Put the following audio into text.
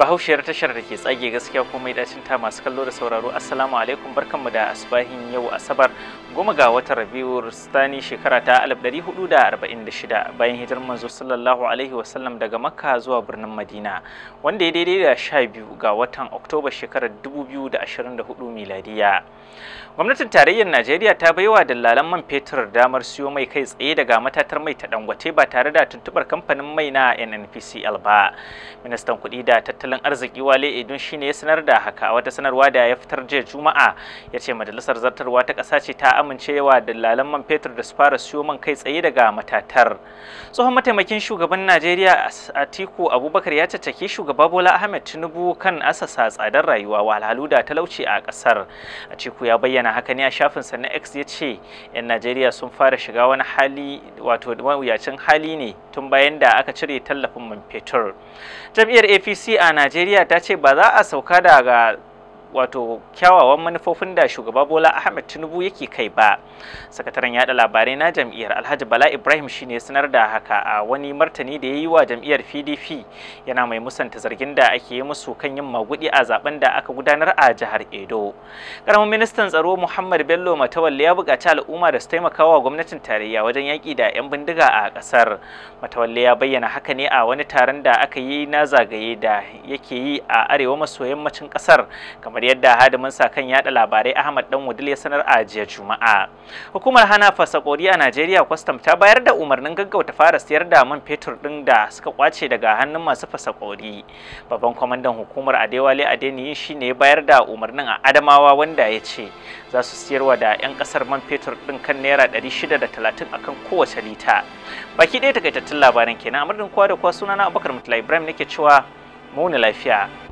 bahaushiyar tashar da ke tsage gaskiya ko mai dacin ta masu kallo da sauraro assalamu alaikum barkanmu da asubahin yau asabar goma ga watan Rabi'u stani shekara ta 1446 bayan hijirar manzo sallallahu alaihi wasallam daga makka zuwa birnin madina wanda ya daidai da 12 ga watan oktoba shekarar 2024 miladiya gwamnatin tarayyar najeriya ta baiwa dallalan man fetur damar siyo mai kai tsaye daga matatar mai ta dangote ba tare da tuntubar kamfanin mai na nnpcl ba ministan kuɗi da tattalin arziki wale edun shine ya sanar da haka wata sanarwa da ya fitar jiya juma'a ya ce majalisar zartarwa ta ƙasa ce ta amincewa dalalan man fetur da su fara siyo man kai tsaye daga matatar tsohon mataimakin shugaban najeriya atiku abubakar ya caccaki shugaba bola ahmed tinubu kan asasa tsadar rayuwa wahalhalu da talauci a ƙasar atiku ya bayyana haka ne a shafin sa na x ya ce 'yan najeriya sun fara shiga wani hali wato mawuyacin hali ne tun bayan da aka cire tallafin man fetur jam'iyyar apc a najeriya ta ce ba za a sauka daga wato kyawawan manufofin da shugaba bola ahmed tinubu yake kai ba sakataren yada labarai na jam'iyyar alhaji bala ibrahim shine sanar da haka a wani martani da ya yi wa jam'iyyar pdp yana mai musanta zargin da ake yi musu kan yin maguɗi a zaben da aka gudanar a jihar edo karamin ministan tsaro muhammad bello matawalle ya buƙaci al'umma da su taimaka wa gwamnatin tarayya wajen yaƙi da 'yan bindiga a ƙasar matawalle ya bayyana haka ne a wani taron da aka yi na zagaye da yake yi a arewa maso yammacin ƙasar kamar kamar yadda hadimin kan yada labarai Ahmad Dan Wudil ya sanar a jiya Juma'a. Hukumar hana fasakori a Najeriya kwastam ta bayar da umarnin gaggauta fara siyar da man fetur din da suka kwace daga hannun masu fasakori. Babban kwamandan hukumar Adewale Adeniyi shine ya bayar da umarnin a Adamawa wanda ya ce za su siyarwa da 'yan kasar man fetur din kan naira 630 akan kowace lita. Baki ɗaya takaitattun labaran kenan a kowa da kowa sunana Abubakar Mutla Ibrahim nake cewa mu lafiya.